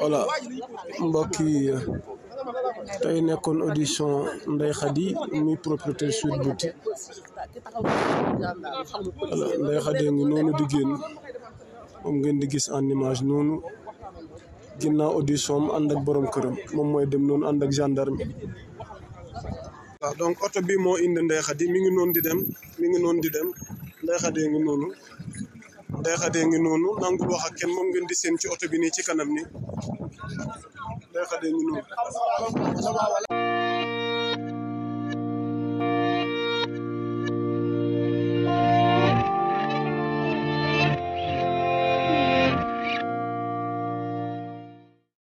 voilà mbokk yi tey nekkoon audition Ndeye Khady mi propriétaire Sweet Beauty voilà Ndeye ngi noonu di génn moom ngeen di gis en image noonu ginnaaw audition am ànd ak borom këram moom mooy dem noonu ànd ak gendarme waa donc oto bi moo indi Ndeye Khady mi ngi noonu di dem mi ngi noonu di dem Ndeye Khady ngi noonu Ndeye Khady ngi noonu nangul wax ak kenn moom ngeen di seen ci oto bi nii ci kanam ni Ndeye Khady ngi noonu